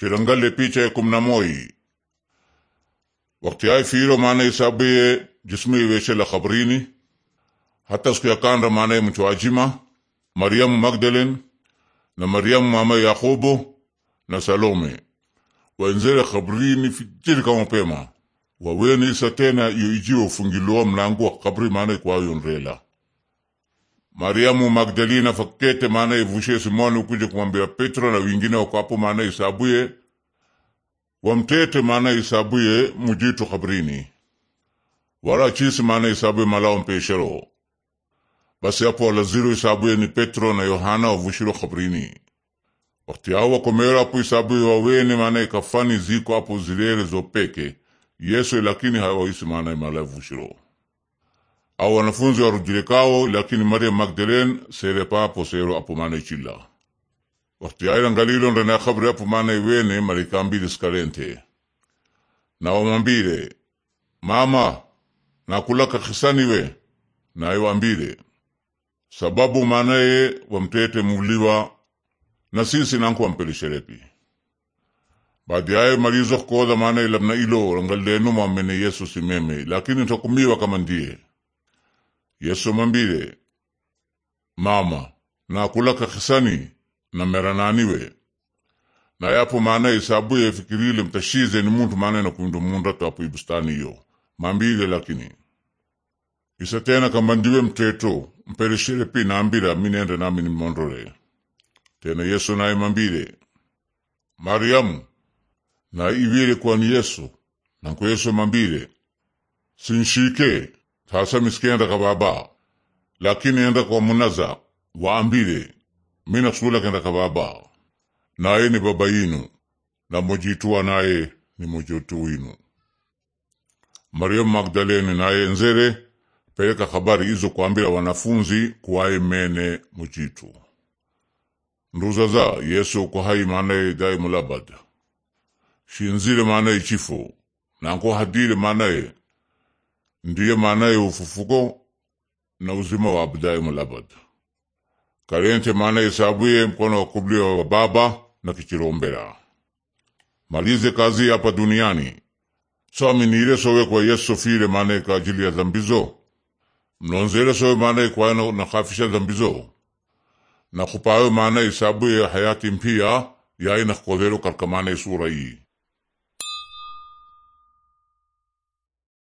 chirangale picha ya kumi na moi wakti ai firo maana isabuye jisumi iweshela kabrini hata siku ya kanda maana ye mchwajima mariamu magdalene na mariamu mama yakobo na salome wanzere kabrini fijiri kama pema waweni isa tena iyo ijiwe ufungiliwa mlango wa kabri maana ikwayo nrela Mariamu Magdalena fakete maana ivushe Simoni ukuje kumwambia Petro na wingine wakapo maana isabuye wamtete maana isabuye mujitu kabrini wala chisi maana isabuye malao mpeshero basi apo alaziro isabuye ni Petro na Yohana wavushiro kabrini wakati hao wakomera apo isabuye wawene maana ikafani ziko apo zilele zopeke Yesu lakini hawaisi maana imala au wanafunzi warujulikao lakini Maria Magdalene sere papo sero apumane chilla wakati aila ngalilo ndena khabri apumane wene marika mbili skalente na wamambile mama nakulaka khisaniwe naye wambile sababu manaye wamtete muliwa na sisi nanku baadi baadaye malizo koza manaye labna ilo rangalenu mene Yesu simeme lakini ntakumiwa kama ndiye Yesu mambile mama nakulaka kisani merananiwe na yapo maana isabuye fikirile mtashize ni muntu maana munda tu atapo ibustani iyo mambile lakini isa tena ndiwe mteto mpereshile pi naambira minende nami nimondole tena Yesu naye mambile Mariamu na kwa kwani Yesu kwa Yesu mambile sinshike sasa miskienda ka baba lakini enda kwa munaza waambile mina sula kenda ka baba naye ni baba yinu na mujitua naye ni mujitu winu. Mariamu Magdalene naye nzere peleka habari hizo kuambia wanafunzi kuwaye mene mujitu nduza za Yesu kuhai maanaye dai mulabada shinzile maanaye chifo nanko hadile manaye ndiye maana ya ufufuko na uzima wa abudaye mulabada karente maana isabuye mkono wa kulia wa baba na kichirombela malize kazi hapa duniani soaminire sowe kwa yesu fire maana kwa ajili ya dhambizo mnonzele sowe maana na nakafisha dhambizo kupawe maana isabuye hayati mpia na nakukozelo karka maana sura hii